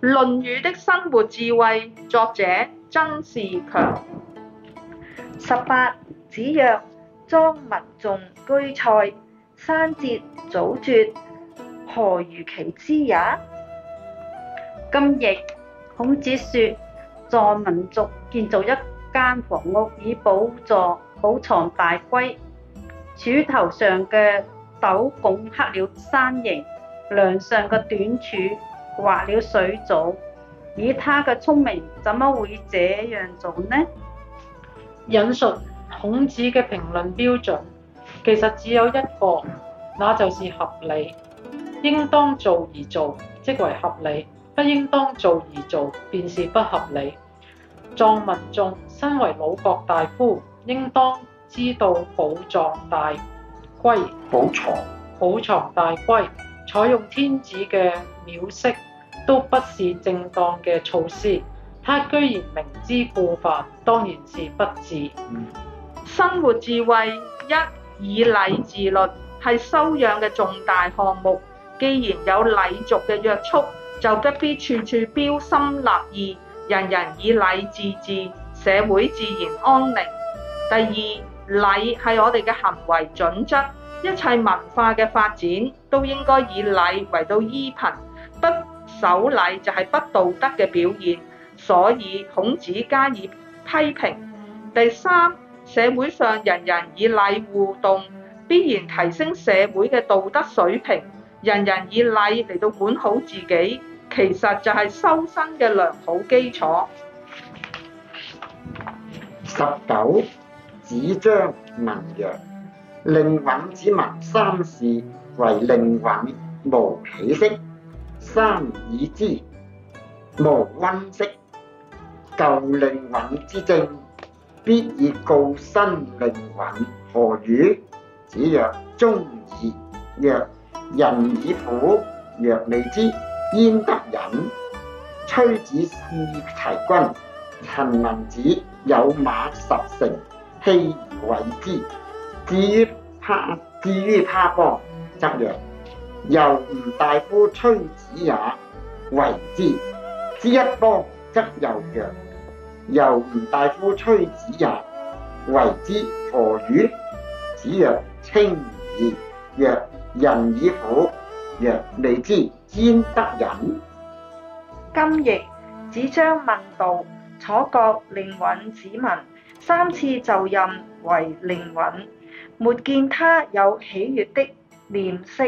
《論語》的生活智慧，作者曾仕強。十八子曰：臧文仲居蔡，山節藻梲，何如其知也？今亦孔子説：臧文仲建造一間房屋以保藏大龜，柱頭上嘅斗拱刻了山形，梁上嘅短柱，畫了水藻，以他嘅聰明，怎麼會這樣做呢？引述孔子嘅評論標準，其實只有一個，那就是合理。應當做而做，即為合理；不應當做而做，便是不合理。臧文仲身為魯國大夫，應當知道寶藏大龜，寶藏床寶藏大龜，採用天子嘅廟式。都不是正當嘅措施，他居然明知故犯，當然是不智。生活智慧一以禮自律，係修養嘅重大項目，既然有禮俗嘅約束，就不必處處標心立意，人人以禮自治，社會自然安寧。第二禮係我哋嘅行為準則，一切文化嘅發展都應該以禮為到依憑。守禮就係不道德嘅表現，所以孔子加以批評。第三，社會上人人以禮互動，必然提升社會嘅道德水平。人人以禮嚟到管好自己，其實就係修身嘅良好基礎。十九，子張問曰，令尹子文三仕為令尹，無喜色。三已之無慍色，舊令尹之政，必告身以告新令尹。何如？子曰：忠矣。曰：仁矣乎，曰：未知，焉得仁？崔子弑齊君，陳文子有馬十乘，棄而違之。至於他邦，至於他邦。真嘅。則曰，又吾大夫崔子也，為之。之一邦則又弱。又吾大夫崔子也，為之何如？子曰：清矣。曰：仁以苦，若未之焉得仁？今亦子張問道，楚國令尹子文，三次就任為令尹，沒見他有喜悅的面色。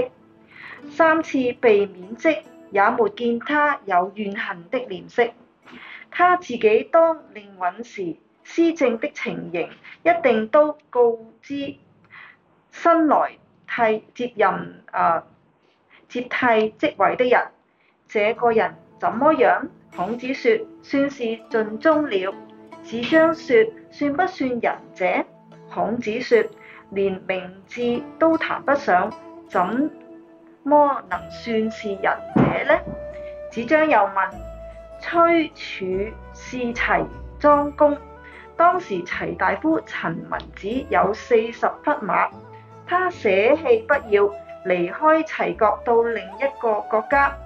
三次被免職，也沒見他有怨恨的臉色。他自己當令尹時施政的情形，一定都告知新來替接任啊、呃、接替職位的人。這個人怎麼樣？孔子說算是盡忠了。子張說算不算仁者？孔子說連明智都談不上，怎？麼能算是仁者呢？子張又問：崔楚是齊莊公，當時齊大夫陳文子有四十匹馬，他捨棄不要，離開齊國到另一個國家，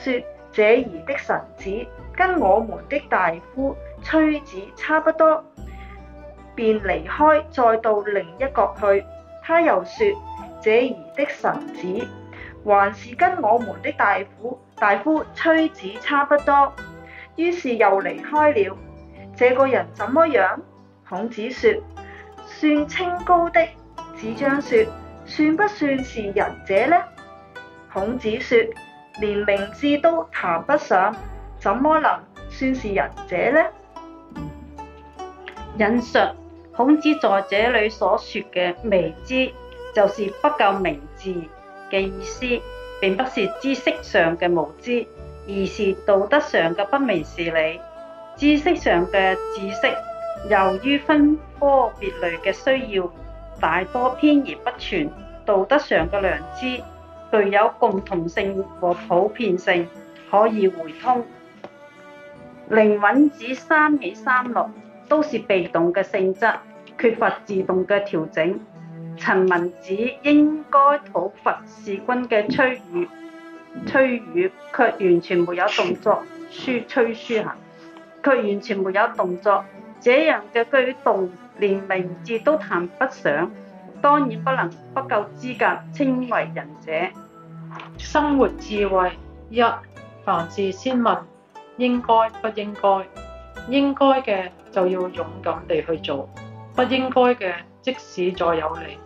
說：這兒的臣子跟我們的大夫崔子差不多，便離開再到另一個國去。他又說：這兒的臣子。還是跟我們的大夫大夫崔子差不多，於是又離開了。這個人怎麼樣？孔子說算清高的。子張說算不算是仁者呢？孔子說連明智都談不上，怎麼能算是仁者呢？引述孔子在這裏所說嘅，未知就是不夠明智。嘅意思並不是知識上嘅無知，而是道德上嘅不明事理。知識上嘅知識，由於分科別類嘅需要，大多偏而不全；道德上嘅良知，具有共同性和普遍性，可以回通。令尹指三起三落，都是被動嘅性質，缺乏自動嘅調整。陳文子應該討伐弒君嘅崔杼，崔杼卻完全沒有動作。書崔書行卻完全沒有動作，這樣嘅舉動連名字都談不上，當然不能不夠資格稱為仁者。生活智慧一，凡事先問應該不應該，應該嘅就要勇敢地去做，不應該嘅即使再有利。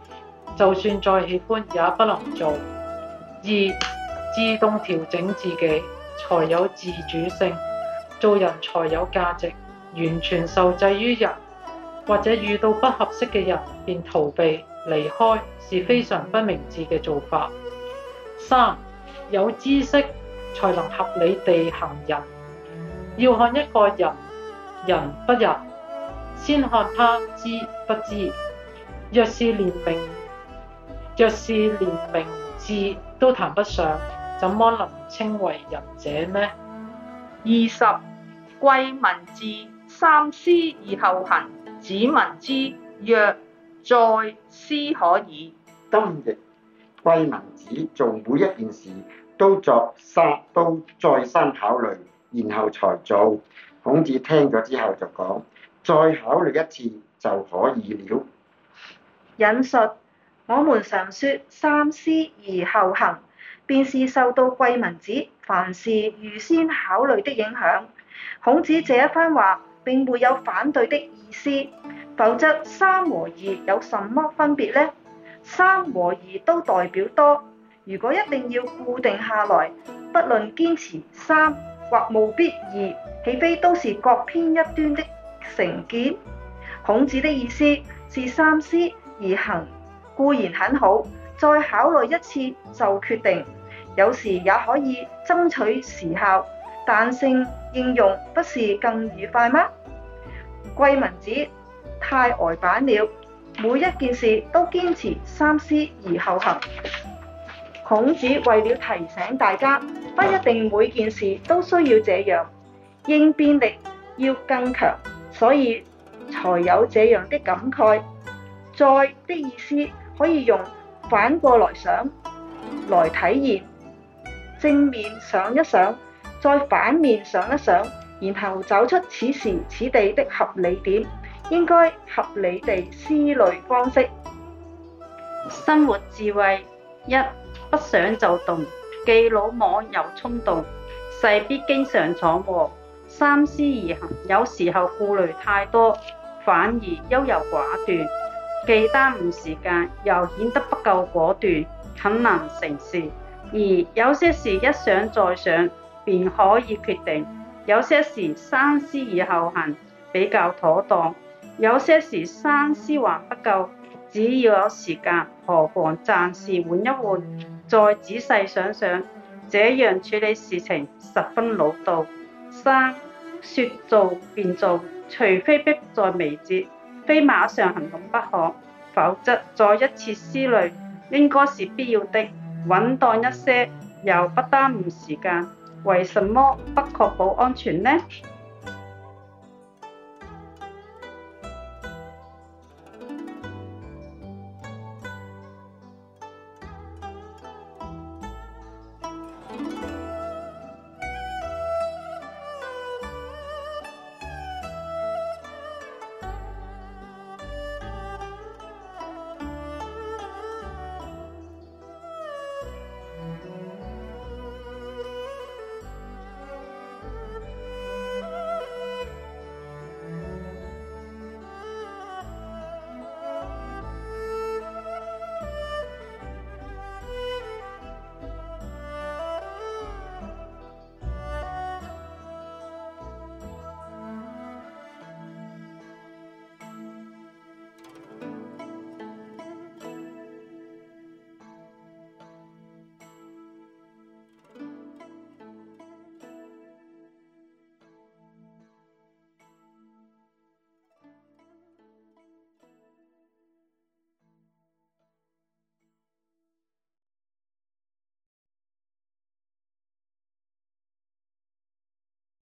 就算再喜歡也不能做。二，自動調整自己，才有自主性，做人才有價值。完全受制於人，或者遇到不合適嘅人便逃避離開，是非常不明智嘅做法。三，有知識才能合理地行仁。要看一個人仁不仁，先看他知不知。若是連明若是連名字都談不上，怎麼能稱為仁者呢？二十季文子三思而後行。子聞之，曰：再思可以。今日季文子做每一件事都作三都再三考慮，然後才做。孔子聽咗之後就講：再考慮一次就可以了。引述。我們常說三思而後行，便是受到季文子凡事預先考慮的影響。孔子這一番話並沒有反對的意思，否則三和二有什麼分別呢？三和二都代表多，如果一定要固定下來，不論堅持三或務必二，豈非都是各偏一端的成見？孔子的意思是三思而行。固然很好，再考慮一次就決定，有時也可以爭取時效，彈性應用不是更愉快嗎？季文子太呆板了，每一件事都堅持三思而後行。孔子為了提醒大家，不一定每件事都需要這樣，應變力要更強，所以才有這樣的感慨。再的意思。可以用反過來想來體驗，正面想一想，再反面想一想，然後走出此時此地的合理點，應該合理地思慮方式。生活智慧：一不想就動，既魯莽又衝動，勢必經常闖禍。三思而行，有時候顧慮太多，反而優柔寡斷。既耽誤時間，又顯得不夠果斷，難成事。而有些事一想再想，便可以決定；有些事三思以後行，比較妥當；有些事三思還不夠，只要有時間，何妨暫時緩一緩，再仔細想想。這樣處理事情十分老道。三，說做便做，除非迫在眉睫。非馬上行動不可，否則再一次思慮應該是必要的。穩當一些，又不耽誤時間，為什麼不確保安全呢？